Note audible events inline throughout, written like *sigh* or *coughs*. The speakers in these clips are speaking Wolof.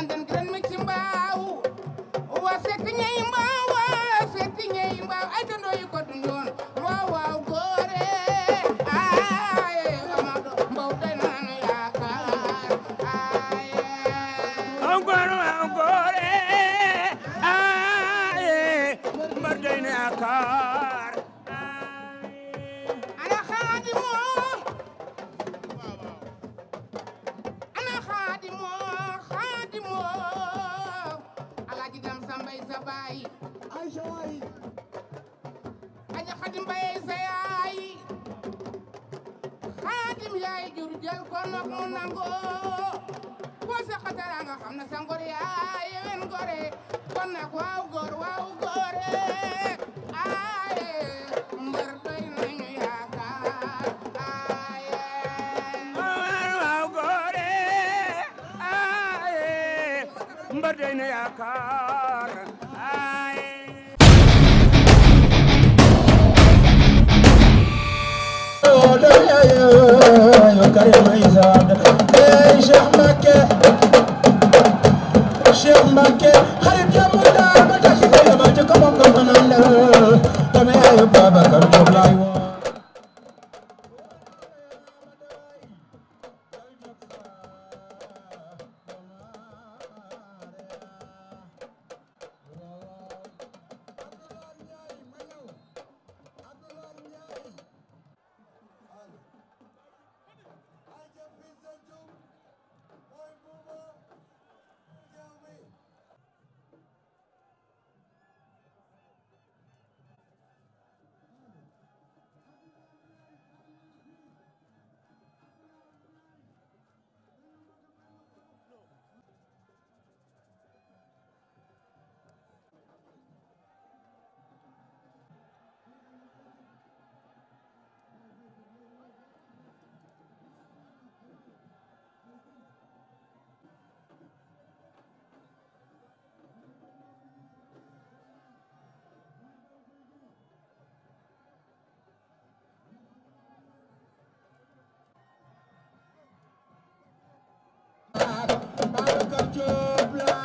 and then Babacar Diop la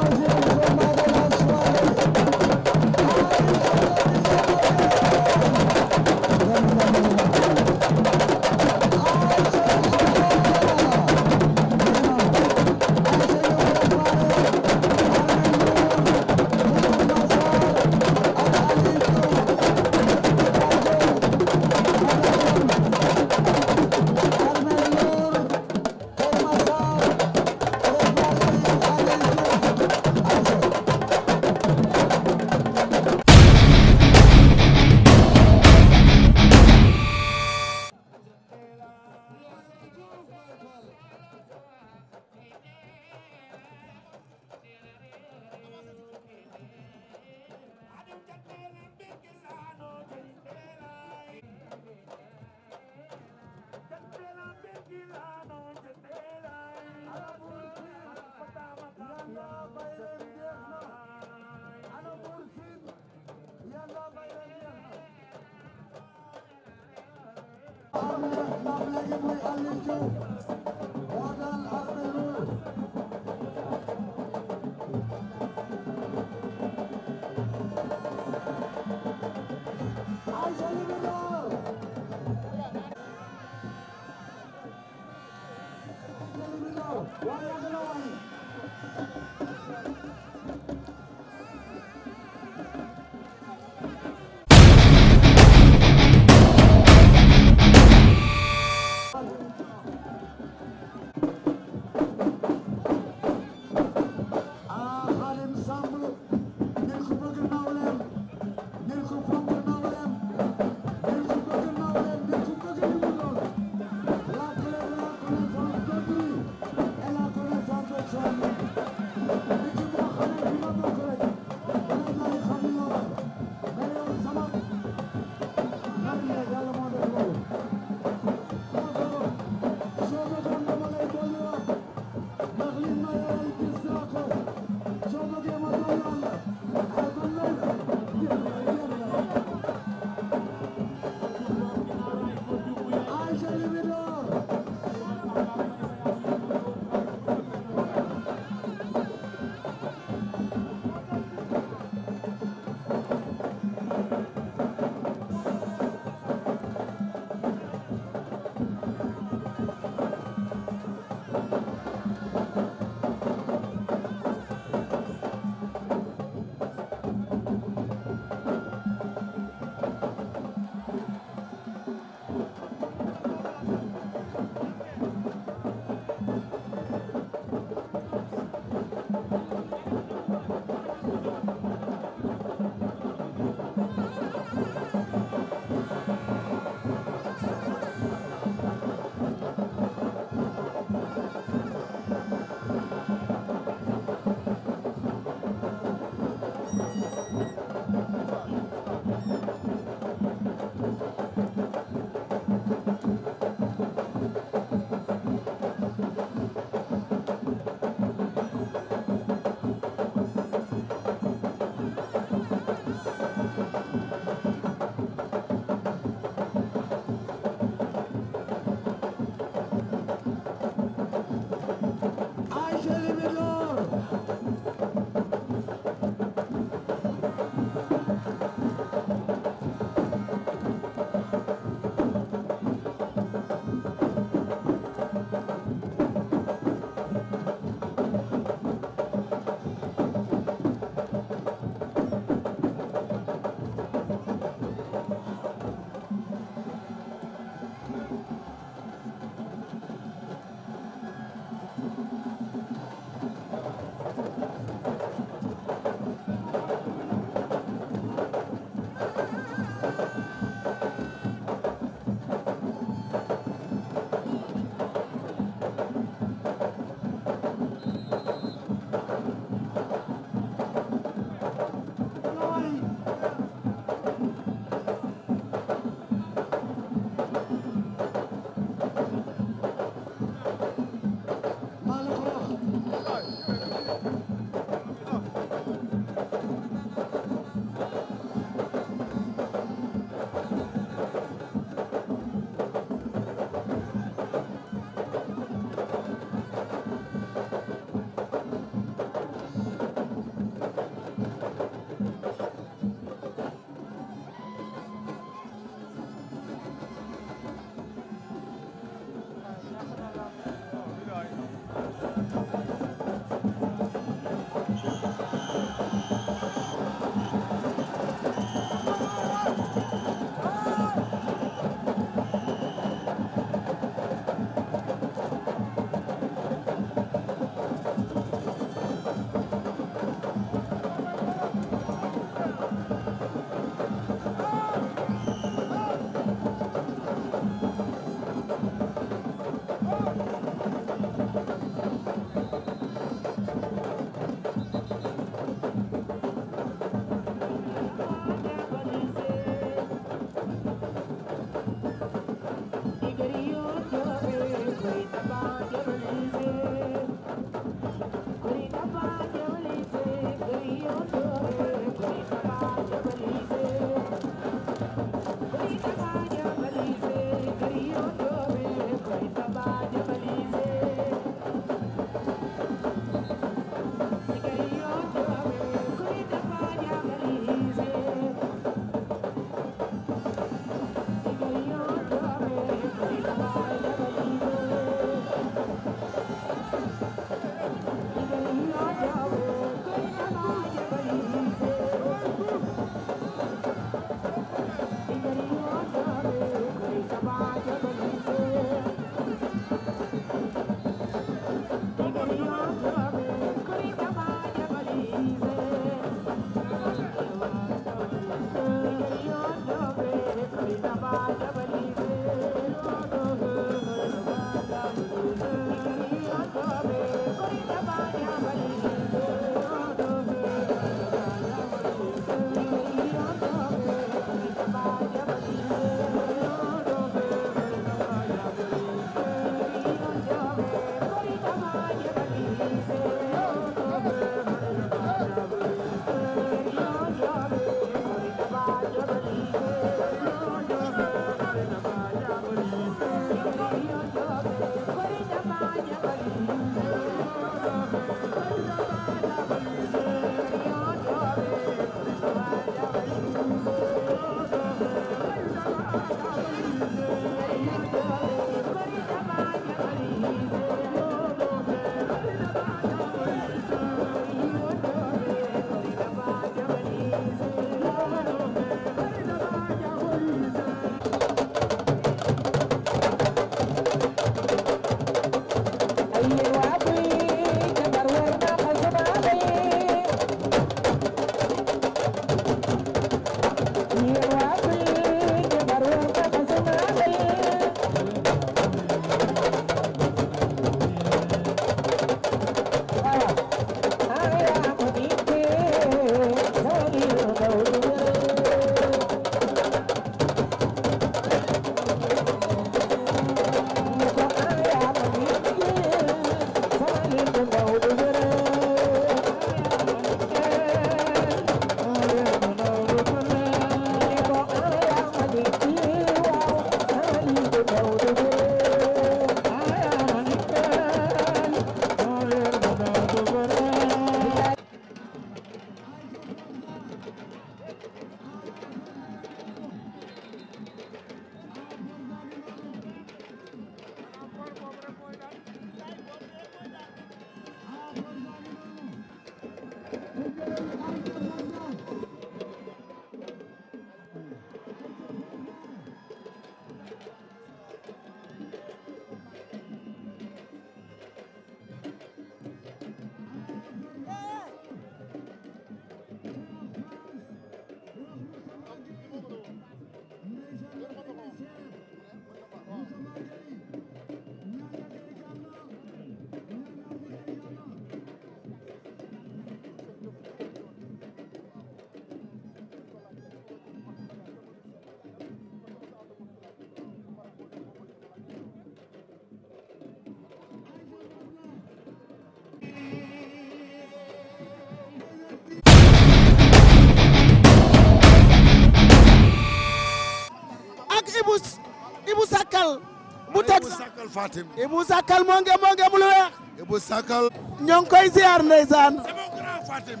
toj sakal Fatim Ibou Sakal weex Ibou Sakal ñoo ngi koy ziar ndeysaan grand Fatim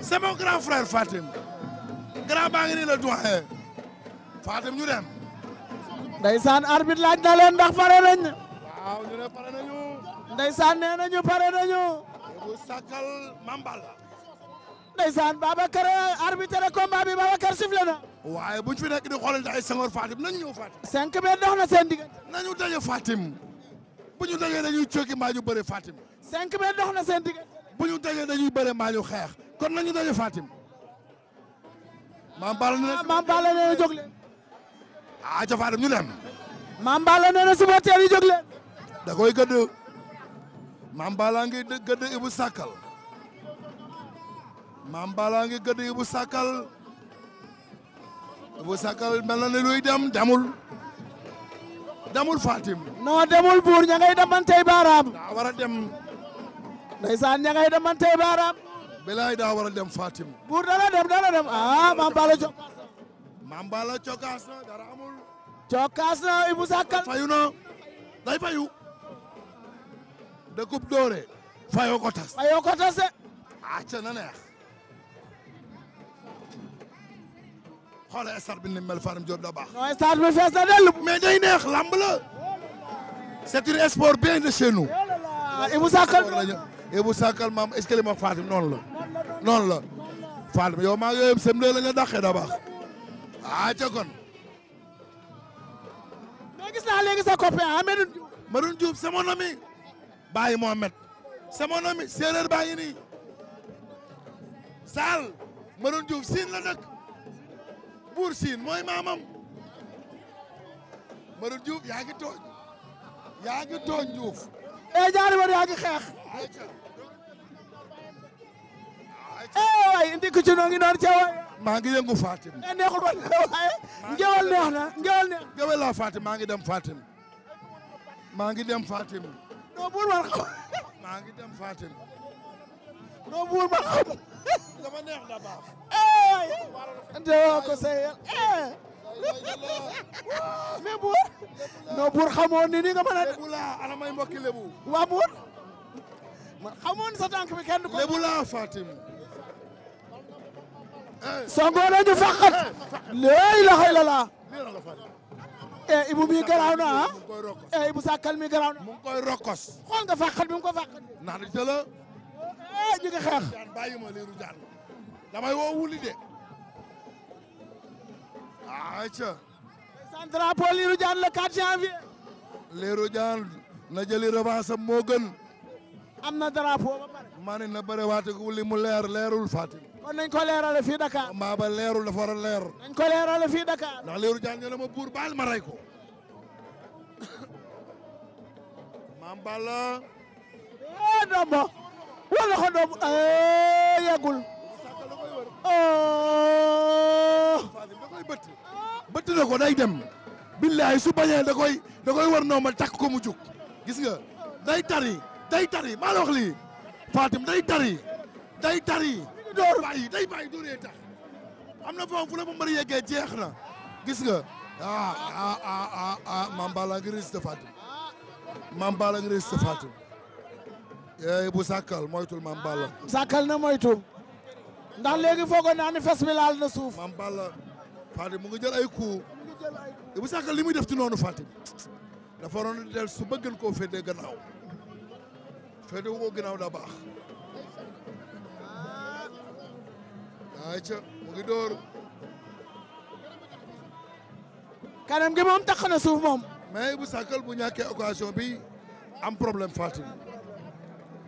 c'est mon grand frère grand baa ngi nii la doyen Fatim ñu dem ndeysaan arbitre laaj na leen ndax pare nañ waaw ñu ne pare nañu ndeysaan nee nañu pare nañu Ibou Sakal Mambal ndeysaan Babacar arbitre combat bi Babacar sifflé na waaye bu fi nekk di xoolante ay Senghor Fatim nañ ñëw Fatim. 5 mètres dox na seen diggante. nañu daje Fatim bu ñu dajee dañuy cokki mbaa ñu bëre Fatim. 5 mètres dox na seen bu ñu dajee dañuy bëre mbaa ñu xeex kon nañu daje Fatim. maam Balla nee na jóg leen. ah ca Fatim ñu dem. maam Balla nee na supporter yi jóg leen. da koy gëdd. maam Balla ngi gëdd Ibou Sakal. maam Balla ngi gëdd Ibou Sakal. Abou Sakal mel luy dem demul demul Fatim. non demul buur ña ngay demantey baaraam. daa dem. ndeysaan ña ngay demantey baaraam. bilaay daa war dem Fatim. buur dana dem dana dem ah maam Bala Cok. maam Bala Cokaas na dara amul. Sakal. fayu na day fayu. dëkkub doore. fayoo ko tas. fayoo ko ca na neex. xoola estar bi ni mel Faram Diop da baax. non estar bi fees na dellu. mais day neex lamb la. c'est un sport bien de chez nous. Ibou Sakal Ibou Sakal maam est-ce que li ma Fatim noonu la. noonu la Fatim yow maa yooyu sem la nga dàqee da baax ah ca kon. mais gis naa léegi sa copain Amadou Diouf. Madoune Diouf c'est mon ami. Baye Mohamed. c'est mon ami séeréer baa ngi nii. Saal Madoune Diouf siin la dëkk. buur siin mooy maamam Maodo Diouf yaa ngi tooñ yaa ngi tooñ Diouf e eh, ñaari yaa ngi xeex ee eh, waay indi ci noo ngi noonu ca waay maa ngi yëngu Fatim e neexul neex na ngewal neex ngewal laa Fatim maa ngi dem Fatim maa ngi dem Fatim non buur man xam ngi dem dama neex da baax. ante waa ko buur. non buur xamoon ni ni nga mën a. lébu laa ana buur. man xamoon sa tànk bi kenn du ko. lébu laa Fatim. songoo nañu faqat. laa ilaaha illallaah. e eh, Ibou mi garaaw na ah. e eh, Ibou Sakal mi garaaw na. mu koy rokkos. xool nga faqat bi mu ko faqat. naan jëla. ah ñu ngi xeex. jaan bàyyi liiru jaan damay woo wuli de. ah ayca. liiru jaan le 4 janvier. liiru jaan na jëli revanche am am na drapeau ba na bëre waate wuli mu leer leerul Fatim. kon nañ ko leerale fii Dakar. maa ba leerul dafa war a leer. nañ ko leerale fii Dakar. ndax liiru jaan ñu buur baal ma rey ko. *coughs* maam Balla. eh Dombo. wala ko doom eh, yàggul oh. bëtt na ko day dem billaay su bañee da koy war noomal takk ko mu jug gis nga day tari day tari maa la wax lii Fatim day tari day door bàyyi day bàyyi dooree tax am na foofu fu la ma jeex na gis nga ah ah ah ah, ah Mame Balla yee eh, bu sàkkal moytul maam Balla. na moytu. ndax léegi foogoon naa ni fas bi na suuf. maam Balla Fatim mu ngi jël ay coups. bu sàkkal li muy def ci noonu Fatim. dafa waroon del su ba gën koo féetee gannaaw. féete wu ko gannaaw daa baax. ayca mu ngi dóor. kanam gi moom tax na suuf moom. mais bu sàkkal bu ñàkkee occasion bi am problème Fatim.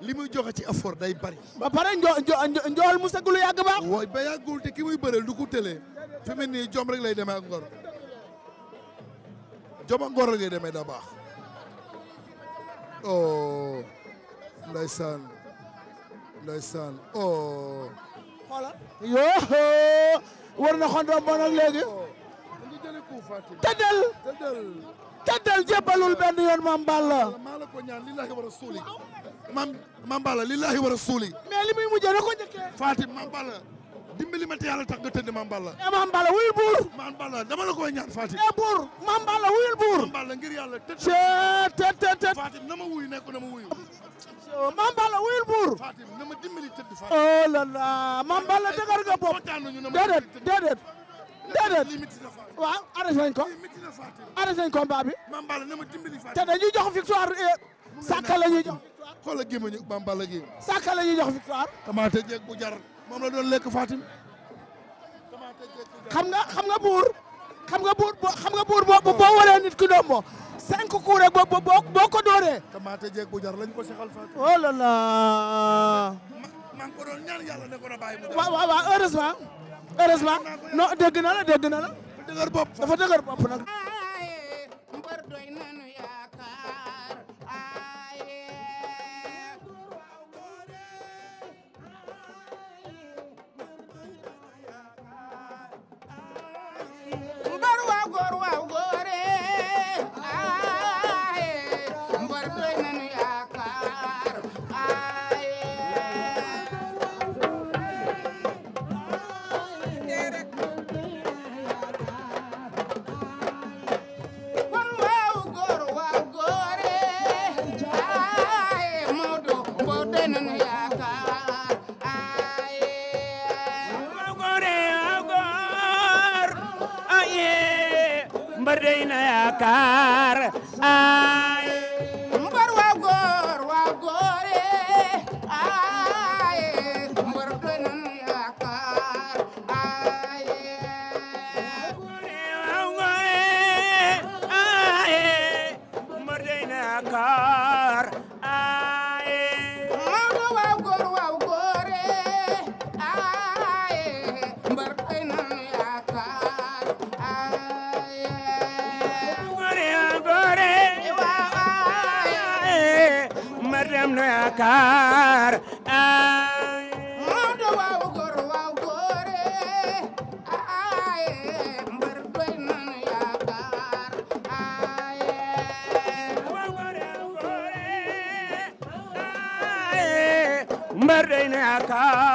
li muy joxe ci effort day bari. ba pare njo njo njool mu sëgg lu yàgg baax. waaw ba yàggul te ki muy bëreel du ko tëlee fi mu nii jom rek lay demee ak ngor jom ak ngor rek lay demee da baax. oh ndeysaan ndeysaan oh. xoolal yoo war na xondoom ba nag léegi. Oh. tëddal tëddal jébbalul benn yoon Mame Balla. maa lillaahi wa rasuuli. Mame Mame Balla lillaahi ko njëkkee. Fatim Mame Balla dimbali ma te yàlla tax nga tëdd Mame Balla. eh Mame Balla wuyul buur. Mame Balla dama la koy eh, Balla wuyul buur. Mame Balla ngir yàlla ma wuyu nekk na ma wuyu. Mame Balla wuyul buur. Fatim na ma dimbali tëdd Fatim. oh là là Mame Balla dëgër nga bopp. déedéet waaw arrêté nañ ko arrêté nañ combat bi te dañuy jox victoire eh, Saka la ñuy jox victoire. xoolal gémma ñu Bamballa gi. Saka la ñuy jox victoire. tamaate jeeg bu jar moom la doon lekk Fatim. xam nga xam nga buur xam nga buur boo xam nga buur boo boo waree nit ki doom moo cinq coups rek boo ko dooree. tamaate jeeg bu jar lañ ko sexal Fatim. oh là là. maa ngi ñaan yàlla ko heureusement non dégg na la dégg na la. dëgër bopp dafa dëgër bopp nag. mbër doy nañu का am nu yaakaar ay Moodu waaw góor waaw góore ay mbar doy na nu yaakaar ay waaw góor waaw góore ay mbar doy na yaakaar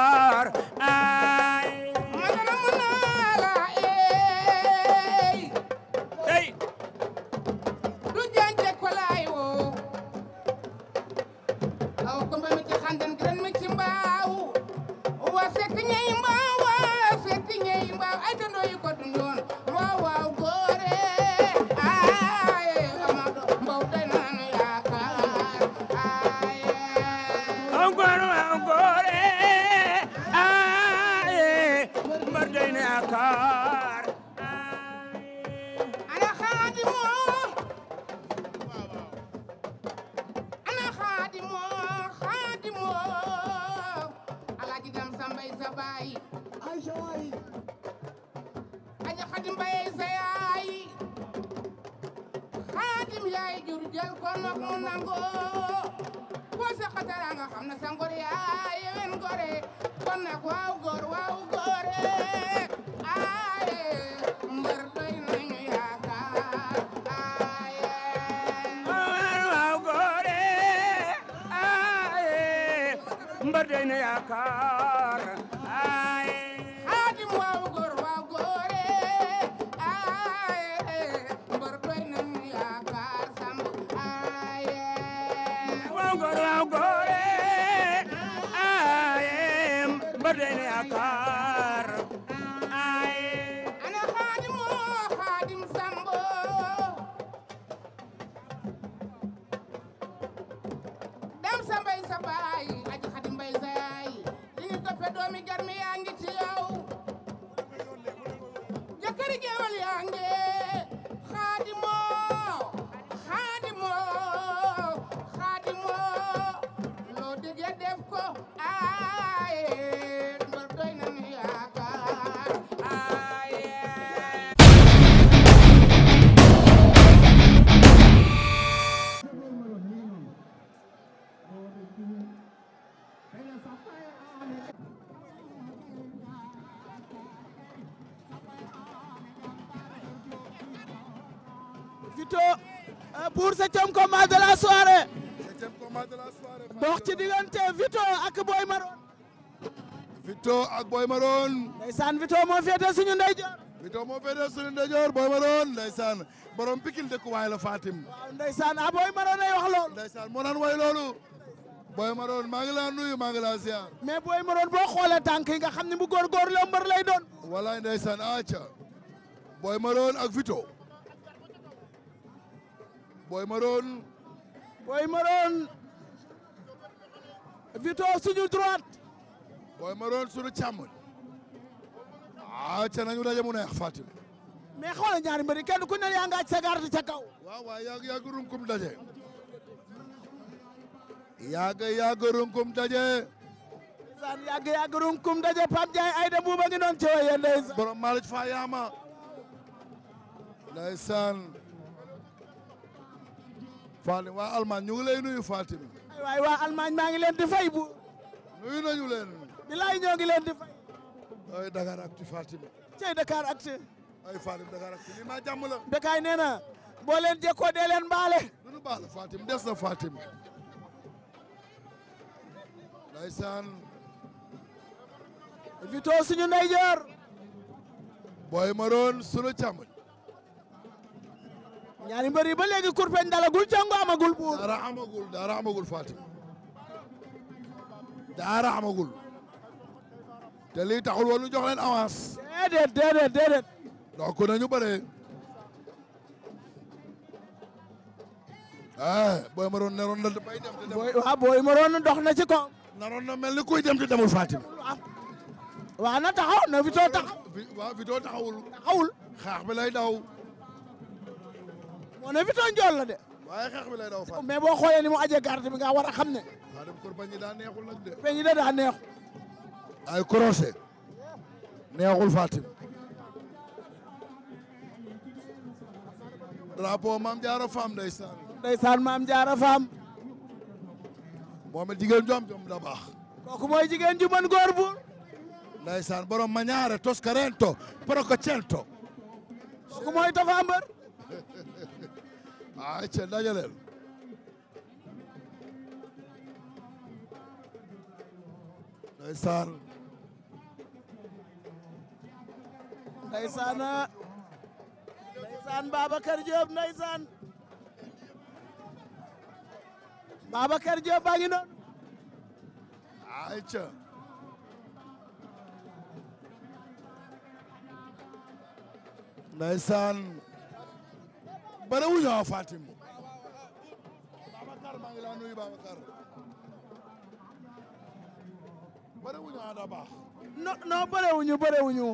yaa ngi ci yow soirée dox ci diggante Vito ak Boy Maroon. Vito ak Boy Maroon. ndeysaan Vito moo féete suñu Vito moo féete Maroon ndeysaan ah, Maroon ay wax loolu. ndeysaan moo naan Maroon maa ngi laa nuyu maa ngi laa ziar. mais Boy Maroon yi nga xam ne bu góorgóorlu la mbër lay doon. walaay ndeysaan Maroon ak Vito. Boy Maroon. Boy Maroon Vito suñu droite Boy Maroon suñu càmmoñ ah ca nañu daje mu neex Fatim mais xoolal ñaari mbëri kenn ku ne yaa ngi ca kaw. waaw waaw yàgg yàgg runkum daje. daje. saan yàgg yàgg runkum daje Pape Ndiaye Aïda Bouba ngi doon ci waye ndeysaan. borom Malick Fa Yaama. ndeysaan. Fatim waa Allemagne ñu ngi lay nuyu Fatim. waaye waa Allemagne maa ngi leen di fay bu. nuyu nañu leen. bilaay ñoo ngi leen di fay. ay Dakar Actu Fatim. cey Dakar Actu. ay Fatim Dakar Actu lii maa jàmm la. Bekaay nee na boo leen jekkoo dee leen baale. du nu baale Fatim des na Fatim. ndeysaan. Vito suñu ndeyjoor. Boy Maroon sunu càmmoñ. ñaari mbër yi ba léegi kurpeñ dalagul cango amagul buur. daara amagul daara amagul Fatima daara amagul te taxul woon ñu jox leen avance. déedéet déedéet déedéet. nañu bëree. ah booy ma doon naroon na bay dem te demul. waaw booy ma doon dox na ci kaw. naroon na mel ni kuy dem te demul Fatima. waaw na taxaw na vitoo taxawul. taxawul xaax daw. moo ne Vito Ndiol la de. waaye boo xoolee ni mu ajee garde bi nga war a xam ne. Khadim Kour bañ ñi daa neexul nag de. bañ ñi da daa neexul. ay croisé neexul Fatim. drapeau maam jaara faam ndeysaan. ndeysaan maam jaara faam. moom jigéen jom jom da baax. kooku mooy jigéen ju mën góor bu. ndeysaan borom ma ñaare toscarento ayca dajaleel ndeysaan ndeysaan ndeysaan Babacar Diop ndeysaan Babacar Diop baa ngi noonu ayca ndeysaan bare wuñu awa Fatim Babacar maa ngi laa nuyu Babacar bare wuñu awa da baax non non bare wuñu bare wuñu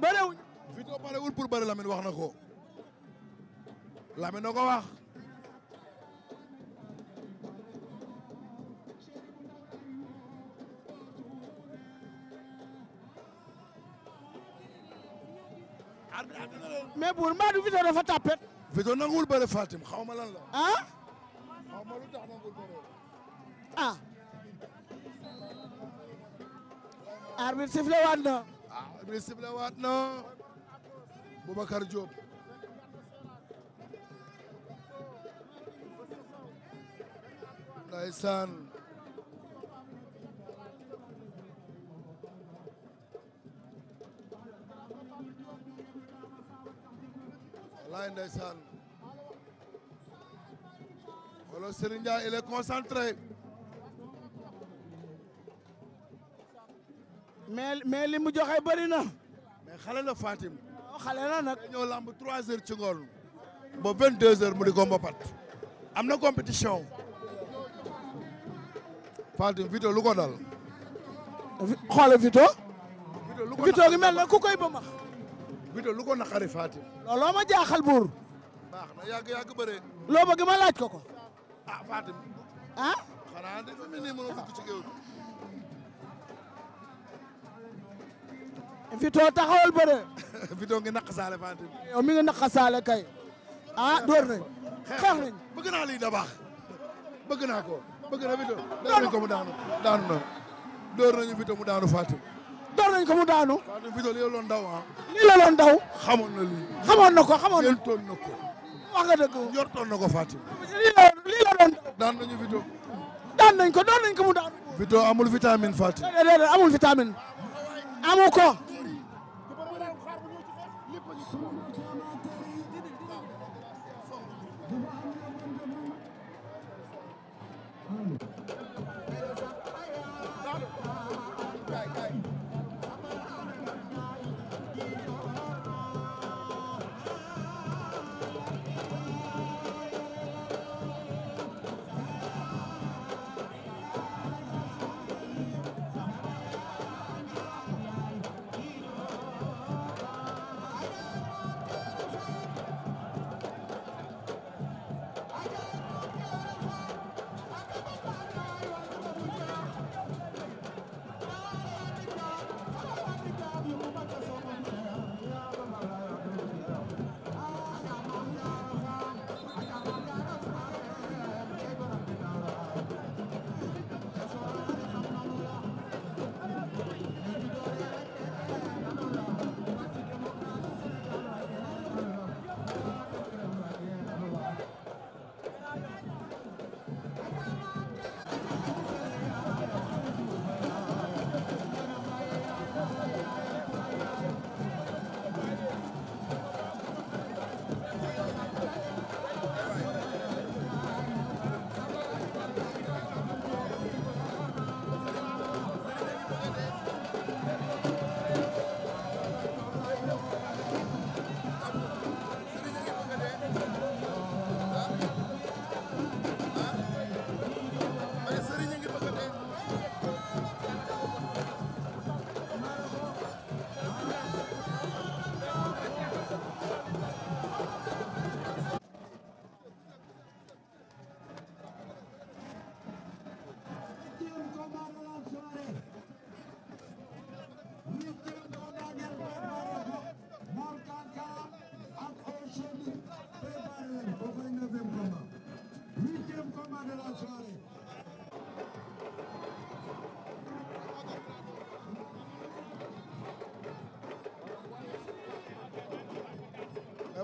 bare wuñu Vito bare wul pour bare Lamine wax na ko Lamine na ko wax mais buur mbaa du Vito dafa tàppet. Vito nanguwul bëre Fatim xaw ma lan la. ah. xaw ma lu tax nanguwul bëre. ah. arbitre sifflé waat na. ah arbitre sifflé waat na. Boubacar Diop. ndeysaan. wallaay ndeysaan wala Serigne Ndiaye il est concentré. mais mais li mu joxe bëri na. mais xale la Fatim. Oh, xale la nag. ñëw lamb 3 heures ci ngoon. ba 22 heures mu di ko mbapat. am na compétition. Fatim Vito luko dal. xoolal Vito. Vito lu ko dal Vito gi mel na ku koy ba max Bito lu ko naqari Fatim. looloo ma jaaxal buur. baax na yàgg yàgg bëree. loo bëgg ma laaj ko ko. ah Fatim. ah. xanaa de fi mu ne mënoo dugg ci géew bi. Vito taxawal bëre. Vito ngi naqasaale Fatim. yow mi ngi naqasaale kay. ah door nañ. xeex nañ bëgg naa lii da baax bëgg naa ko bëgg na Vito. door nañ ko mu daanu daanu na door nañu Vito mu daanu Fatim. door nañ ko mu daanu. Fatou Biton lii la doon daw ah. lii la doon daw. xamoon na lii. xamoon ko xamoon na yortoon ko. wax ko Fatou. lii la lii daw. ko door nañ ko mu daanu. amul vitamine Fatou. déedéet amul vitamine. amu ko.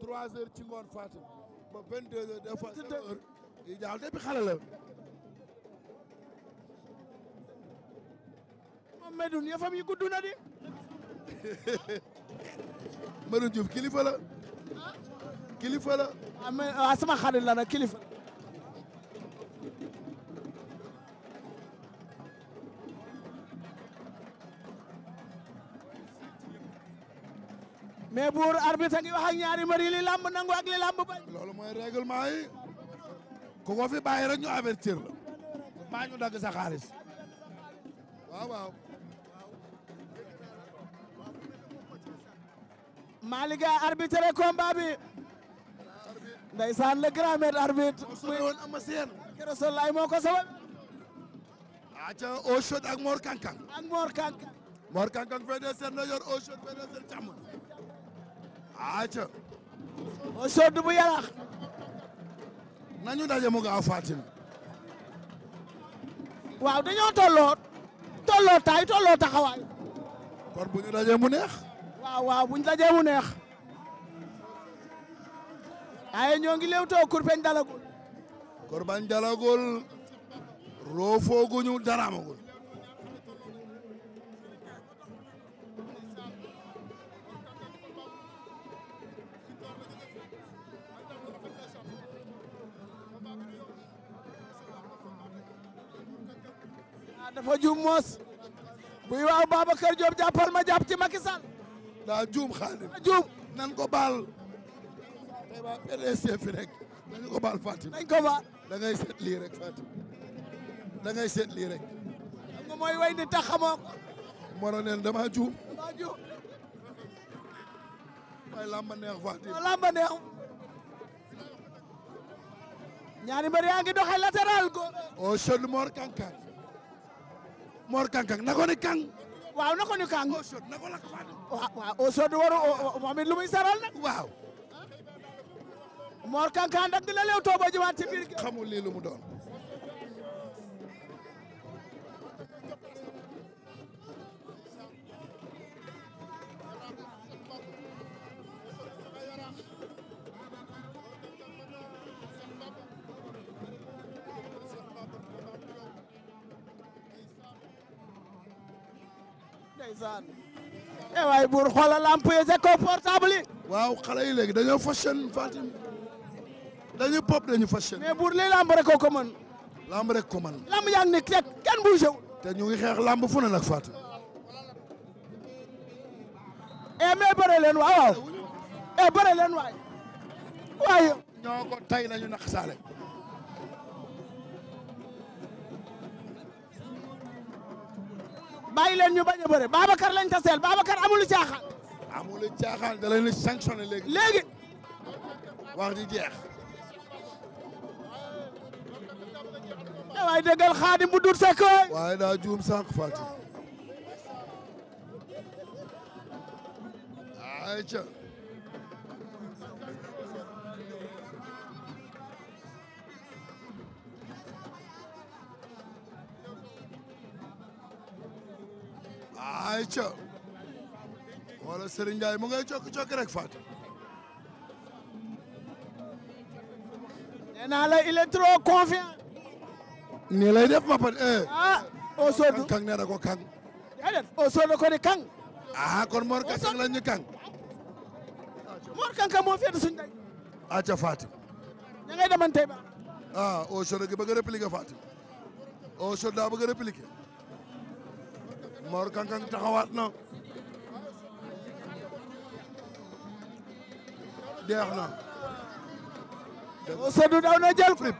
3 heures ci ngoon Fatim ba 22 heures des fois 7 heures yi daal depuis xale la. moom Medoune yëfam yi gudd na di. Medoune Diouf kilifa la. kilifa la. ah mais sama xarit la nag kilifa. buur arbitre ngi wax ak ñaari mbër yi li làmb nangu ak li la. maa ñu dagg arbitre. muy moo ko sabab. aca Ochod ak Mor Kankang. ak Kankang. Mor Kankang fee dee seen na yor Ochod fee dee seen aca o sodd bu yarax nañu daje mu gaaw Fatim waaw dañoo tolloo tolloo taay tolloo taxawaay kon bu ñu dajee mu neex waaw waaw bu ñu dajee mu neex waaye ñoo ngi léewtoo kurpeñ dalagul kurpeñ dalagul roofooguñu dara amagul dafa juum moos buy waaw Babacar Diop jàppal ma jàpp ci Macky Sall daa juum xaalis daa nan ko baal tey waa PDC baal Fatim dañ ko baal da ngay seet lii rek Fatim da ngay seet rek xam nga mooy way ni tax xamoo ko moro neen dama juum dama juum lamba neex Fatim lamba neex ñaari ngi doxee latéral go o Cheikh Mor Mor Kankang na ko ni Kang. waaw na ko ni Kang. Osod na ko lakk Fadam. waaw waaw Osod waru moom it lu waaw. Mor Kankang nag dina leew too biir. xamul lii lu mu doon. yaay buur xoolal employé sa confortable yi. waaw xale yi léegi dañoo fashion Fatim dañu pop dañu fashion. mais buur lii lamb rek ko mën. lamb rek koman mën. lamb yaa ngi ni kenn bougé wu. te ñu ngi xeex lamb fu ne nag Fatim. eh mais bëre leen waaw waaw. eh bëre leen waay. waaye. ñoo ko tay nañu bàyyi leen ñu bañ a bëre Babacar lañ taseel Babacar amulu caaxaan. amulu caaxaan da leen di sanctionné léegi. léegi. wax di jeex. waaye déggal xaadim bu dul sekk. waaye daa juum sànq Fatick. ayca. ayca wala Serigne Ndiaye mu ngay cokk cokk rek Fatou. nee naa la il est def ma pat eh. ah Ousseydou Kang nee na ko Kang. déedéet Kang. ah com morca. Kang la ñu Kang. Mor Kang ka moo féete suñu day. ayca Fatou. ña ngay demantey ba. ah Ousseydou gi bëgg a répliquer Fatou. Ousseydou daa bëgg Mor Kankang taxawaat na deex na Sodou daw na jël frip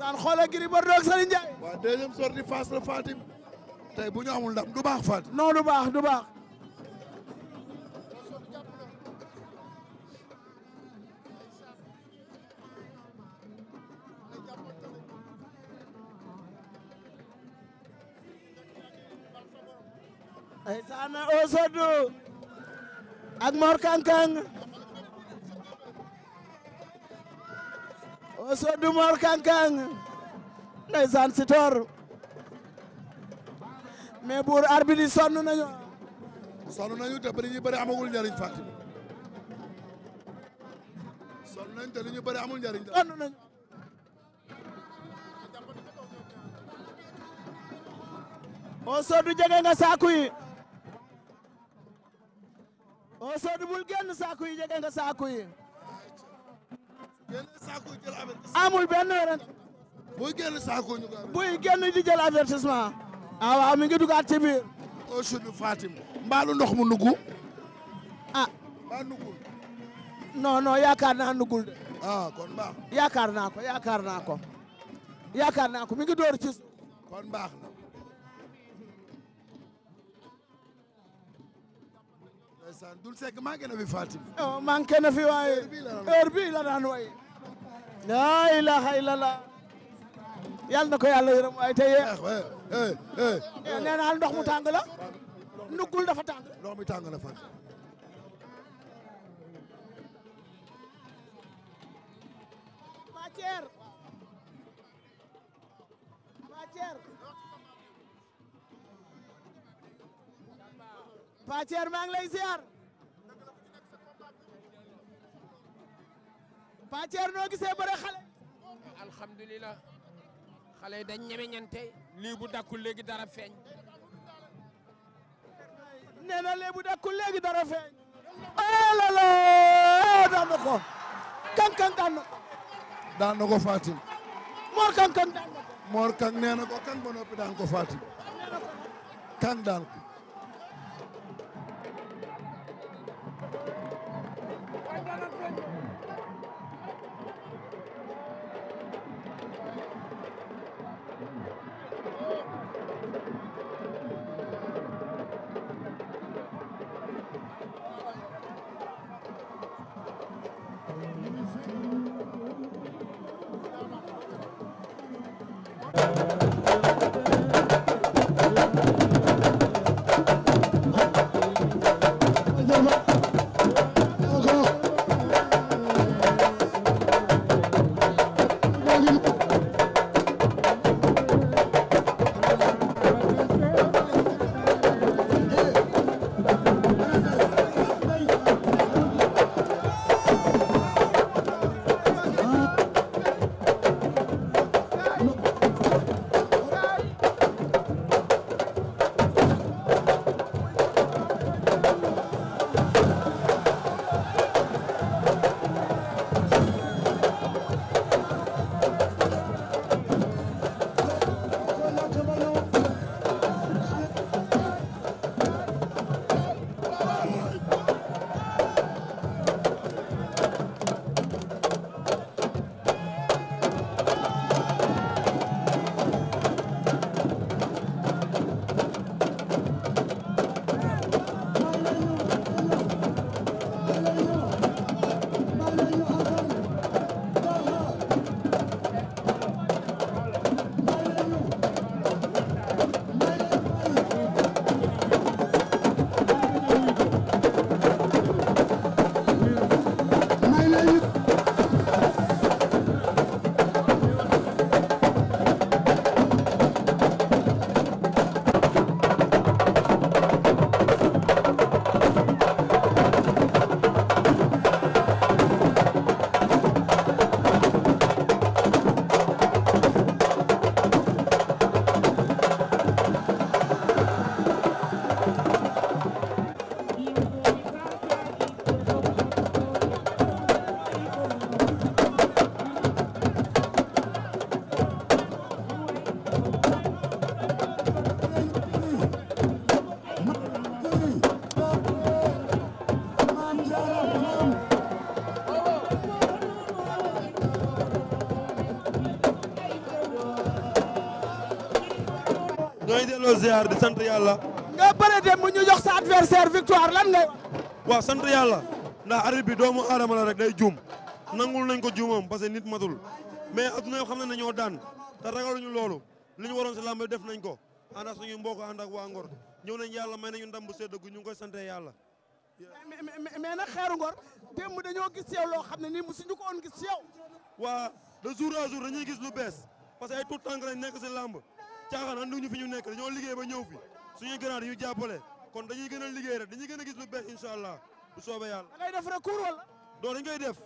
saan xoole Gris Bordeaux ak Serigne Ndiaye waaw deuxième sortie face la Fatim tey bu ñu ndam du baax Fatim noo du baax du baax Sod ak Mor Kankang oh, Sod Mor Kankang ndeysaan si toor mais buur arbitre yi sonn nañu sonn nañu te li ñu bëri amagul njariñ Fatima sonn nañu te li ñu bëri amul njariñ sonn nañu o oh, jege nga saaku moo oh, soodu bul génn saaku yi jege nga saaku yi amul benn werante buy génn saaku ñu buy génn di jël avertissement ah waaw mi dugaat ci biir au oh, sud Fatim ndox mu nugg ah mbaa nuggul non non yaakaar naa nuggul ah, yaakaar naa ko yaakaar naa ko yaakaar naa ko mi door ci baax na ndeysaan dul sekk manqué na fi Fatim non manqué na fi waaye heure bii la daan way laa ilaha illallah yàlla na ko yàlla yërëm waaye tey nee naa ndox mu tàng la nuggul dafa tàng la fan Bacer Bacer Bacer maa ngi lay Paa Thierno noo gisee bëre xale. alhamdulilah xale yi dañ ñeme ñante lii bu dakkul léegi dara feeñ. nee na lii bu dakkul léegi dara feeñ. oh la la ko. kankan daan na ko. daan na ko Fatim. Mor kankan daan na ko. Mor kank nee ba noppi daan ko Fatim. kank daan ziar di sant yàlla. nga bëre dem mu ñu jox sa adversaire victoire lan ngay wax. waaw sant yàlla ndax arbitre bi doomu aadama la rek day juum nangul nañ ko juumam parce que nit matul mais adduna yoo xam ne dañoo daan te ragaluñu loolu li ñu waroon si làmb def nañ ko ànd ak suñu mbokk ànd ak waa Ngor ñëw nañ yàlla may nañu ndam bu sedd gu ñu ngi koy sant yàlla. mais nag xeeru Ngor démb dañoo gis yow loo xam ne nii ko woon gis yow. waa de jour à jour dañuy gis lu bees parce que ay tout temps lañ nekk si làmb caaxaan andu ñu fi ñu nekk dañoo liggéey ba ñëw fi suñuy gënaat yu jàppale kon dañuy gën a liggéey rek dañuy gën a gis lu bees incha allah bu soobee yàlla. da ngay def recours wala. doo dañ koy def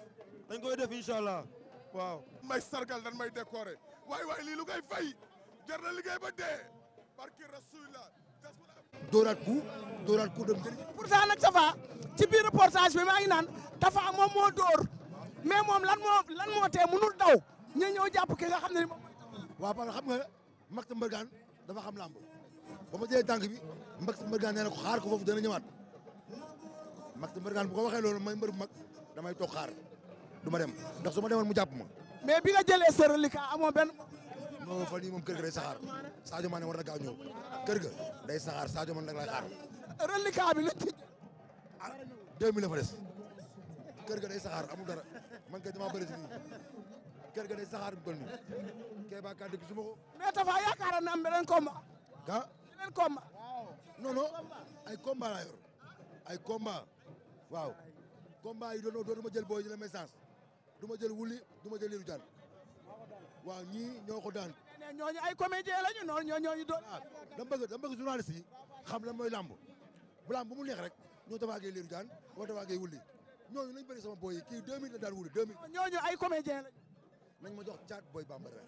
dañ koy def incha allah waaw. may sargal dañ may décorer waay waay lii lu koy fay jar na liggéey ba dee barki rasulillah. dóoraat ku dóoraat ku dem jëriñ. pourtant nag Tafa ci biir reportage bi maa ngi naan Tafa moom moo dóor mais moom lan moo lan moo tee mënul daw ñu ñëw jàpp ki nga xam ne ni moom mooy Tafa. waaw parce que xam nga. Max Mbargane dafa xam làmb ba ma jëlee tànk bi Max Mbargane nee na ko xaar ko foofu dana ñëwaat Max Mbargane bu ko waxee loolu may mbër bu mag damay toog xaar du ma dem ndax su ma demoon mu jàpp ma. mais bi nga jëlee sër li ka amoo benn. non fan yii moom kër ga day saxaar Sadio Mané war na gaaw ñëw kër ga day saxaar Sadio Mané nag lay xaar. reliquat bi lu ci. ah 2000 la fa des kër ga day saxaar amul dara man kay damaa bëri si nii. kër ga ne saxaar mu toll nii Kéba Kanté gisuma ko. na am beneen combat. ah beneen ay combat laa ay combat waaw combat yi doon doon du ma jël booy ñu ne message du ma jël wuli du ma jël liiru jaan waaw ñii ñoo daan. mais ñooñu ay comédien lañu noonu ñoo ñooñu doon. dama bëgg dama bëgg journaliste yi xam lan mooy làmb bu làmb bu mu neex rek ñoo Tafa Gueye sama booy kii 2000 daan wuli 2000. ñooñu ay comédien lañu. nañ ma jox caat booy bambara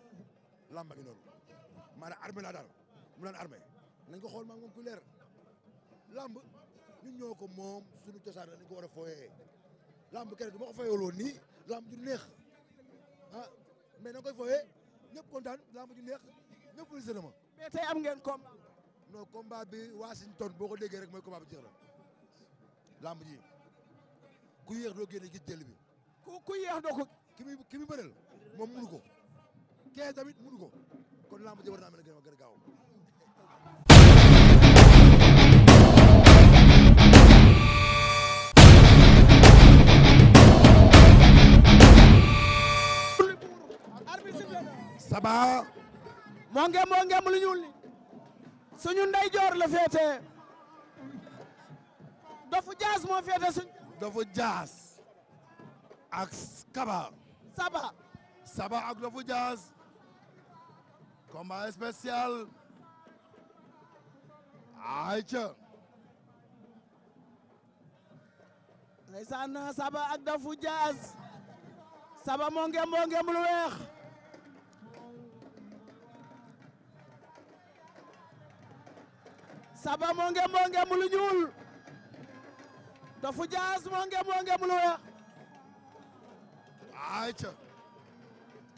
làmba gi noonu maanaam armé laa daal mu naan armé nañ ko xool ma moom ku leer làmb ñoo ko moom suñu cosaan la dañ ko war a fooyee làmb kenn du ma ko fooyeeloon nii làmb ju neex ah mais koy fooyee ñëpp kontaan làmb ju neex ñëpp wul sëna ma tey am ngeen combat non combat bi Washington boo ko degee rek mooy ko bi jeex na làmb ji ku yéex doo génne gis jël bi ku ku yéex doo ko ki muy moom mënu ko kee tamit mënu ko kon lamb ji war naa mën a gën a gën a gaaw Saba moo ngeem moo ngeem lu ñuul li suñu ndey joor la féete dofu jaas moo féete suñ dofu jaas ak saba Saba ak Dofu Diaz combat spécial ayca Saba ak Dofu Saba moo ngem boo ngem Saba moo ngem boo ngem lu ñuul Dofu Diaz moo ngem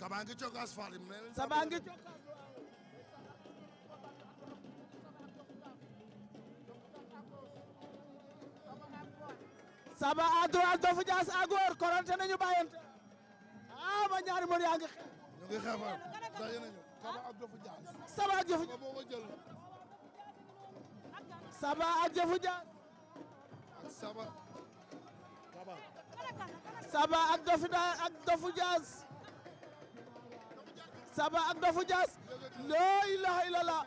kabaa ngi cokaas faali mel ngi saba à droite Dofu Dias à gauche korante nañu bàyyante ah, ma ñaari mbër yaa ngi xeex saba ak Dofu saba ak Dofu Samba ak Ndofou Dias laa ilaha illallah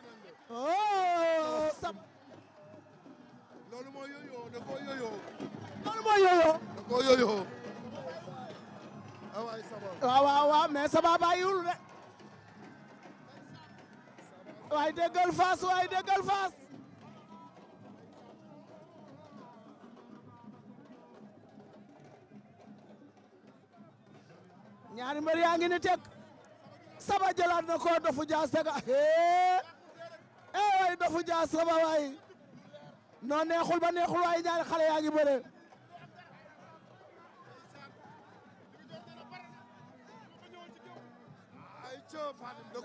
oh Samba. loolu moo yooyoo da koo yooyoo. loolu moo yooyoo. da koo yooyoo. Ah waaw waaw waaw mais Samba de. waay déggal Fass waay déggal ñaari mbër yaa ngi ni teg. saba jëlaat na ko dofu jaas daga hee ee waay dofu jaas saba waay non neexul ba neexul waay ñaari xale yaa ngi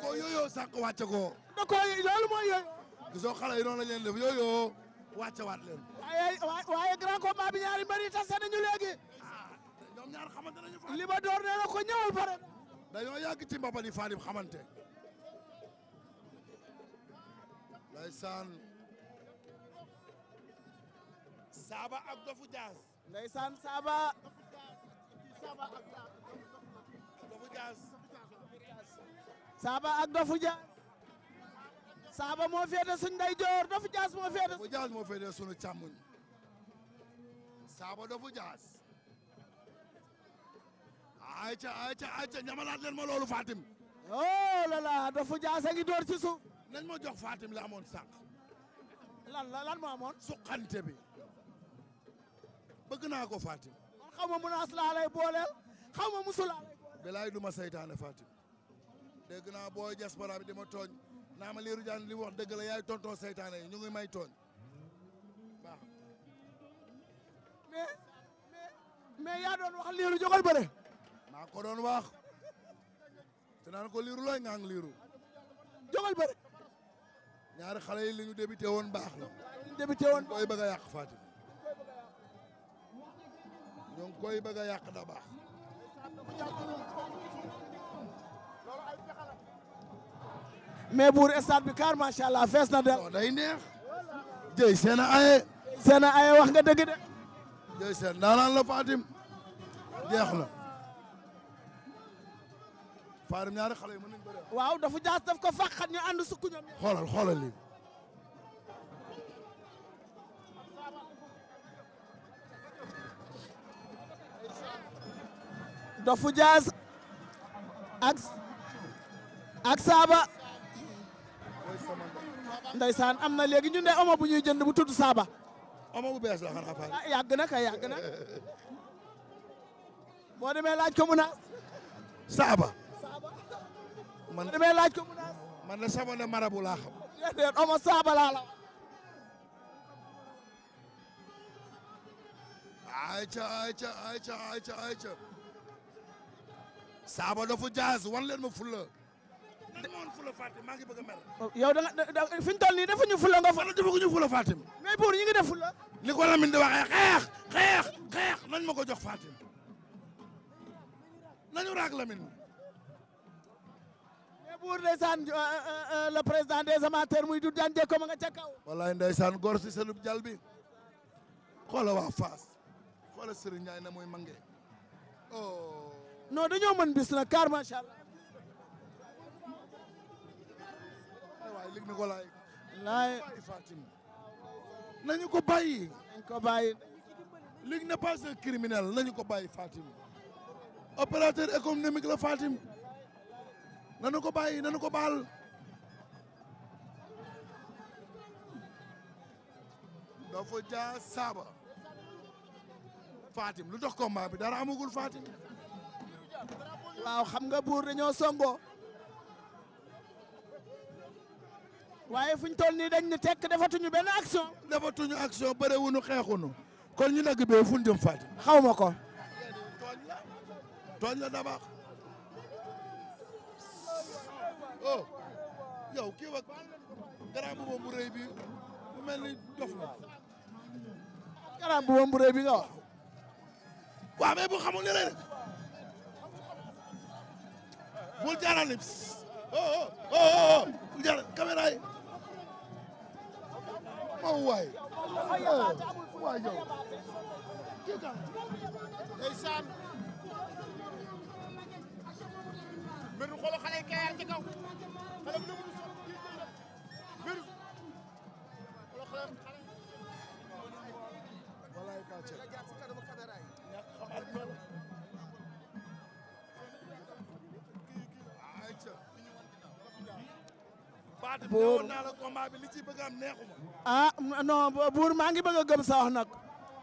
ko yooyoo sànq da ko la waat leen waaye dañoo yàgg ci mbapal yi Fadim xamante ndaysaan saaba ak dofu jaas ndaysaan saaba dofu jaas saaba ak dofu saaba moo féete suñ ndeyjoor dofu jaas moo féete dofu jaas moo saaba dofu jaas ayca ayca ayca ñamalaat leen ma loolu Fatim. oh là là dafa door ci suuf. nañ ma jox Fatim la amoon sànq. lan la lan moo amoon. suqante bi bëgg naa ko Fatim. man xaw ma menace laa lay booleel xaw ma musu laa lay booleel. bilaay du ma saytaane Fatim dégg naa booy diaspora bi di ma tooñ naa ma liiru jaan li wax dëgg la yaay tonton saytaane yi ñu may tooñ baax mais yaa doon wax liiru jógal bëre. maa ko doon wax te naan ko liiru looy ngang liiru. jógal bëri. ñaari xale yi li ñu débuté woon baax na. li ñu débuté woon koy bëgg a yàq Fatim. ñoo ngi koy bëgg a yàq da baax. mais buur stade bi car macha allah fees na del. day neex. jëy seen aye. seen aye wax nga dëgg de. jëy seen daanaan la Fatim jeex na. faaram ñaari xale yi mën nañu bëri waaw dafa jaas daf ko fàqat ñu ànd sukk ñoom xoolal xoolal lii dafa jaas ak ak saaba ndeysaan am na léegi ñu ne omo bu ñuy jënd bu tudd saaba omo bu bees la xanaa fa yàgg na kay yàgg na boo demee laaj ko mu naa saaba man damay laaj ko mun man la sama na marabu laa xam. déedéet Omo Saba laa la. ayca ayca ayca ayca ayca. wan leen ma fula. lan ma woon fula maa ngi bëgg a yow da nga fi ñu toll nii defuñu fula nga fa. wala defuñu fula Fatim. mais ngi def fula. li ko Lamine di waxee xeex xeex nañ ma ko jox Fatim nañu raag Lamine. buur ndeysaan euh, euh, euh, le président des amateurs muy du daan jekko ma nga ca kaw wallaay ndeysaan góor si selub jal bi xoola waa Fass xoola Serigne Ndiaye na muy mange oh dañoo mën bis na car macha allah eh waay lig ni ko laay laay Fatim nañu ko bàyyi nañ ko bàyyi lig n'est pas criminel nañu ko bàyyi Fatim opérateur économique la Fatim nanu ko bàyyi nanu ko baal dafa jaa saaba Fatim lu dox combat bi dara amagul Fatim waaw xam nga buur dañoo sombo waaye fu ñu toll nii dañ ne tekk defatuñu benn action defatuñu action bëre wuñu xeexuñu kon ñu nag bee fu ñu jëm Fatim xaw ko tooñ la oh yow kii ak garabu boobu bu rëy bi bu mel ni dof la. garabu boobu bu rëy bi nga wax. waaw mais bu xamul ne rek bul jaarale oh oh oh, oh, oh. bul jaar caméra yi moom oh, waay waay yow kii kan ndeysaan mbir mi xoolal xale bëgg am ah, buur maa ngi bëgg a gëm sa wax nag.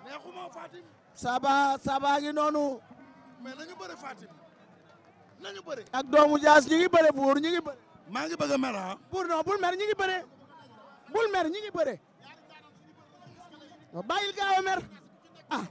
neexuma Fatim. Saba Saba ngi noonu. mais nañu bëri Fatim. nañu bëre ak doomu jaas ñi ngi bëre buur ñi ngi bëre maa ngi bëgg a mer ah buur non bul mer ñi ngi bëre bul mer ñi ngi bëre bàyyil gaaw a mer ah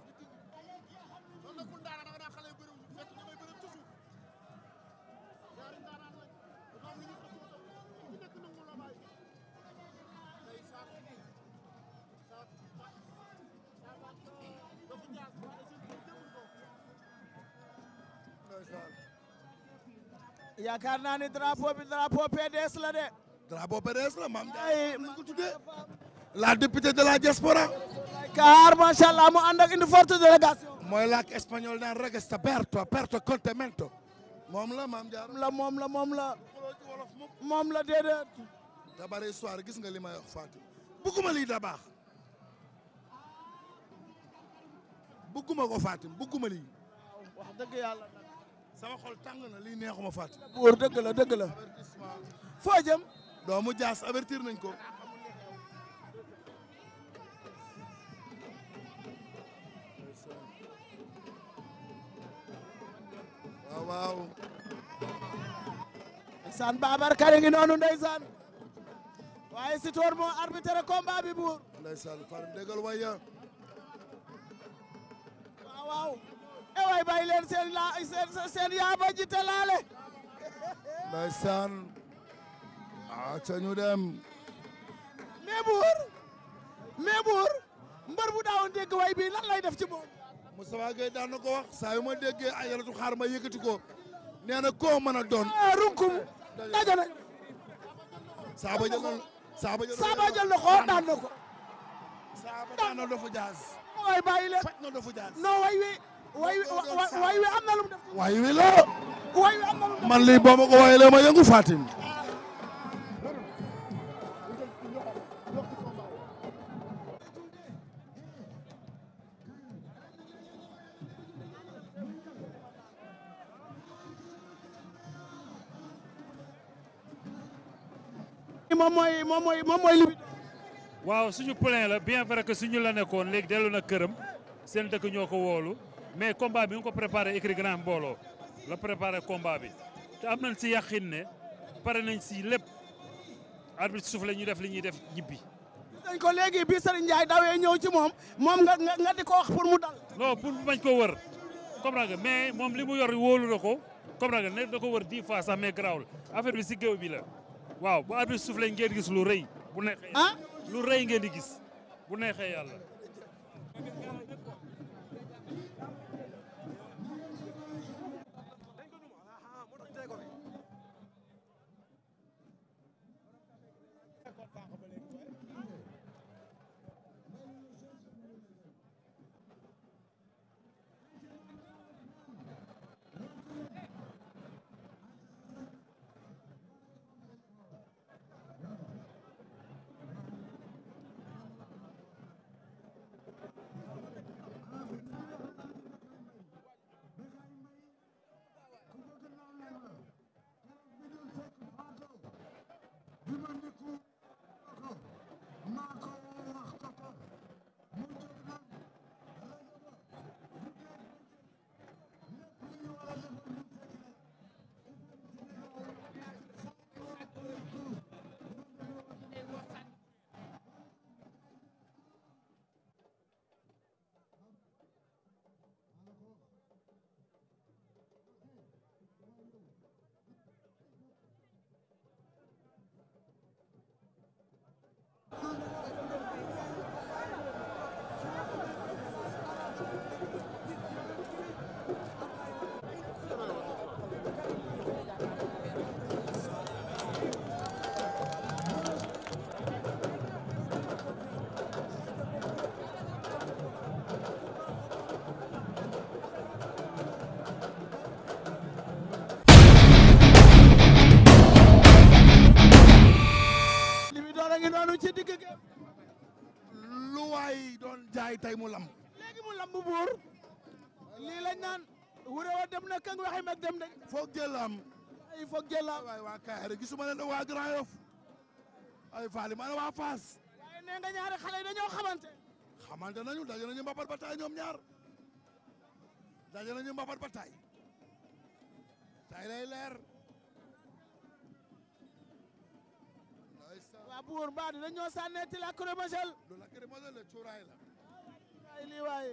Thursday. yaakaar naa ni drapeau bi drapeau la de. drapeau PDS la maam Ndiaye la ko tuddee la députée de la diaspora. car macha mu ànd ak une forte délégation. mooy làkk espagnol naan regesta perto contemento. moom la maam moom la moom la moom dabar histoire gis nga lima may wax Fatou. bugguma lii da baax bugguma sama xol tàng na lii neexuma fàtte. wóor dëgg la dëgg la. doomu jaas avertir nañ ko. waaw waaw. ndeysaan Babacar ngi noonu ndeysaan. waaye Sitor moo arbitré combat bi buur. ndeysaan far dëggal waya. waaw e waay bàyyi leen te laale ndeysaan a ah, ca dem mais buur mais buur mbër bu daawoon dégg way bi def ci moom Moustapha Gueye daan na ko wax saa yu ma déggee ay yalatu xaar ma yëkkati ko nee na koo mën a doon eh, runkum daja na saaba jël na ko daan na ko way way way way Fatim suñu plein la bien vrai que suñu la nekkone léegi delu na kërëm sen dëkk ñoko wolu mais combat bi nga ko préparé écrit grand mbooloo la préparé combat bi té am nañ si yàqin ne pare nañ si lépp arbitre soufflé ñu def li ñuy def jibi dañ ko légui bi Serigne Ndiaye dawé ñëw ci mom mom nga nga diko wax pour mu dal. non pour bañ ko wër comprends nga mais mom limu yor wolu na ko comprendre nga né dako wër 10 fois ça mais garaawul affaire bi si gëw bi la waaw bu arbitre soufflé ngeen gis lu reuy bu nexé ah lu reuy ngeen di gis bu nexé yalla tey mu lamb. léegi mu lamb buur lii lañ naan wurewa dem na kang waxi mag dem na. foog jël am. ay foog jël am waay waa Kayaar gisuma leen ne waa Grand Yoff ay Faly ma ne waa Fass. waaye nee nga ñaari xale yi dañoo xamante. xamante nañu daje nañu mbapat ba ñoom ñaar daje nañu mbapat ba taay leer. waa buur mbaa dinañu ñoo sànnee i la lacrymogène. loolu la. waay lii waay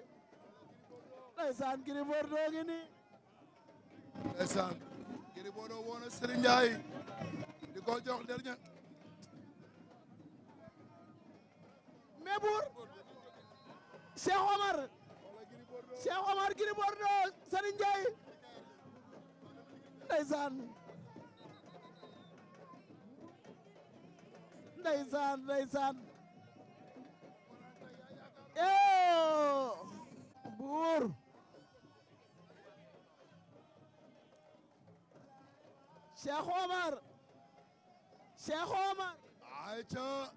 ndeysaan Gris Bordeaux ngi nii ndeysaan Gris Bordeaux woon na Serigne Ndiaye di ko jox dernier Mebour Cheikh Omar Cheikh Omar Gris Bordeaux Serigne Ndiaye ndeysaan ndeysaan buur Cheikh Omar Cheikh Omar ay ca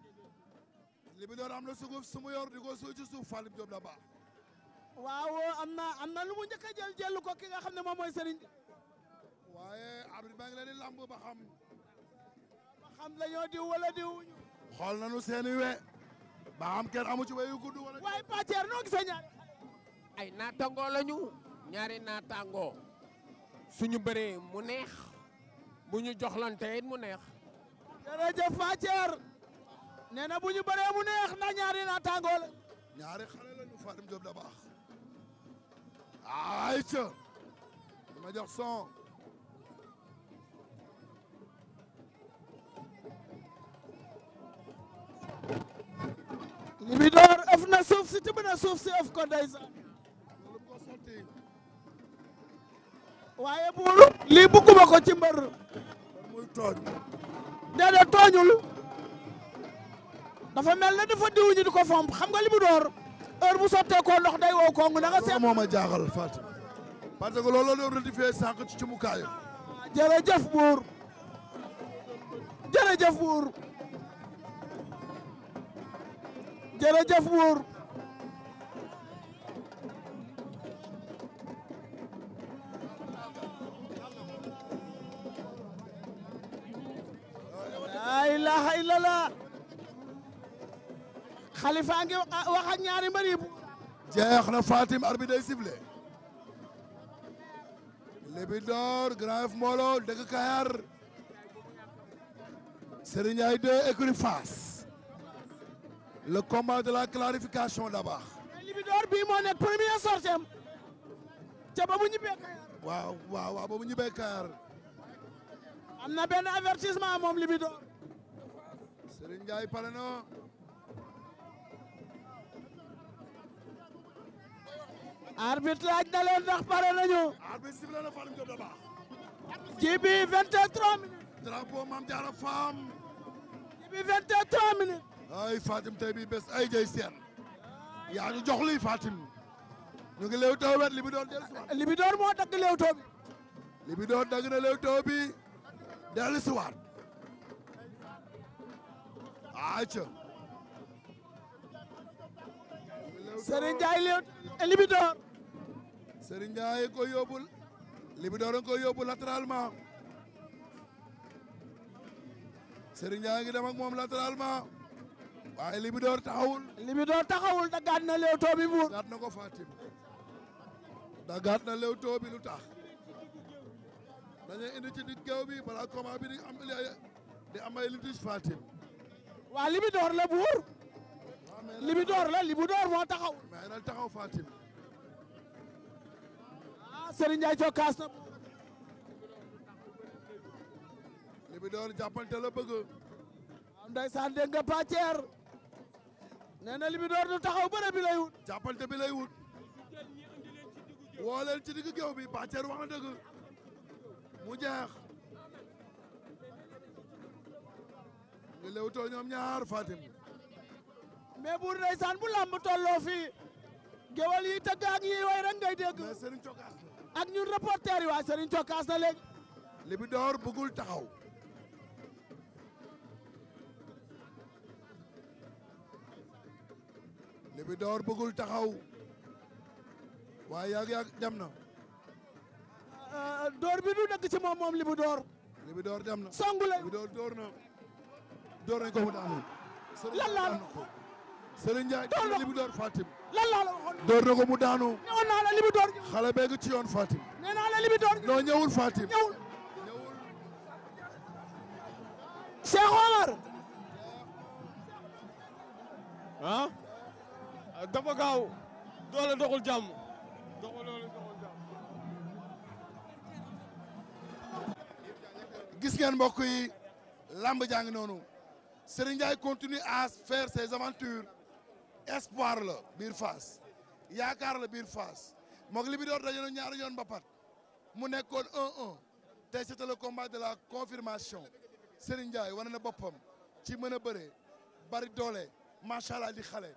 li am na suguf sumu yor di ko suuci suuf Fallou la baax waaw am na am na lu mu njëkk a ki nga xam ne moom mooy sëriñ waaye arbitre baa ngi leen di lamb ba xam ba xam la ñoo diw wala diwuñu xool nañu seeni we ba am kenn amu ci wayu gudd wala. waaye Pa Thier noo gisee ñaari ay naatangoo lañu ñaari naatangoo suñu bëree mu neex bu ñu joxlante it mu neex. jërëjëf Pa Thier nee na bu ñu bëree mu neex na ñaari naatangoo la. ñaari xale lañu Fatim Diop da baax. ayca dama jox son. Libidor ëf na suuf si tibb na suuf si ëf ko ndeysaan waaye buuru lii bugguma ko ci mbër tooñul dafa mel ne dafa diw ñu di ko fomp xam nga Libidor heure bu sottee ko ndox day wow ko da nga seet moo ma jaaxal Fatou parce que loolu la ratifié sànq ci ci mu a jërëjëf buur jërëjëf buur jërëjëf buur laa ilaaha illallah xalifa ngi wax ak ñaari jeex na Fatim arbi day sifflé Grand Yoff Molo dëgg Kayar Serigne Ay de écurie le combat de la clarification d'abord. Libidor bi mo nek premier sortie am ca ba mu ñibé Kayar. waaw waaw ba mu ñibé Kayar. Amna ben avertissement mom Libidor. Serigne Ndiaye pare na. arbitre laaj na leen ndax pare nañu. arbitre sifflé na Falim Diop d'abord. ji bi 23 minutes. drapeau Mam Diarra Fam. ji 23 minutes. ay Fatim tey bii bés ay jëy seen yaa ñu jox lii Fatim ñu ngi Leewtoo wet Libidor dellusiwaat Libidor moo dagg Leewtoo bi Libidor dagg na Leewtoo bi dellusiwaat acca Serigne Ndiaye Leewtoo eh, Libidor Serigne Ndiaye ko yóbbu Libidor ko yóbbu latéralement Serigne Ndiaye ngi dem moom latéralement waa Libidor taxawul. Libidor taxawul daggaat na Leewtoo bi buur. daggaat na ko Fatim daggaat na Leewtoo bi lu tax dañuy indi ci digg bi balaa combat bi di am di am ay litige Fatim. waa Libidor la buur. Libidor la Libidor moo taxaw. mais nag taxaw Fatim. ah Serigne Ndiaye cokkaas na. Libidor jàppante la bëgg. am ndeysaan dégg nga pàcceer nee na Libidor du taxaw bëre bi lay wut. jàppante bi lay wut. ci digg géew bi Bathie wax na dëgg mu jeex. ngi lewtoo ñoom ñaar Fatim. mais buur ndeysaan bu làmb tolloo fii. géwal yi tëgg ak yi way rek ngay dégg. ak ñun reporter yi waa Serigne Cokaas na léegi. Libidor bëggul taxaw. Libidor bëggul taxaw waaye yàgg-yàgg dem na. Ah, door bi du nekk ci moom moom Libidor. Libidor dem na songu door na. door nañ ko mu daanu. lan door la Serigne na Libidor Fatim. lan laa la door na ko mu daanu. ñëwoon naa la Libidor. xale beeg ci yoon Fatim. nee naa la Libidor. non ñëwul Fatim. ñëwul. Omar. dafa gaaw doole ndoxul jàmm doxul doole doxul jàmm. gis ngeen mbokk yi lamb jàng noonu Serigne Ndiaye continue à faire ses aventures espoir la biir Fass yaakaar la biir Fass moog li bi doon daje ñaari yoon ba pat mu nekkoon 1-1 tey c'était le combat de la confirmation Serigne Ndiaye wane na boppam ci mën a bëre bari doole macha allah di xale.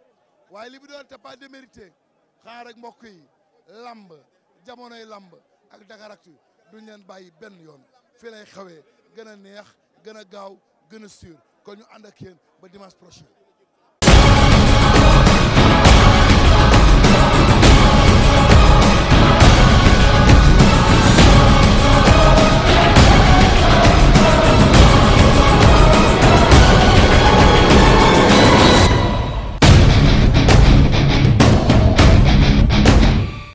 waaye li mu doon te pas démérité xaar ak mbokk yi lamb jamonoy lamb ak Dakaractu duñ leen bàyyi benn yoon fii lay xawee gën a neex gën a gaaw gën a sûr kon ñu ànd ak yéen ba dimanche prochain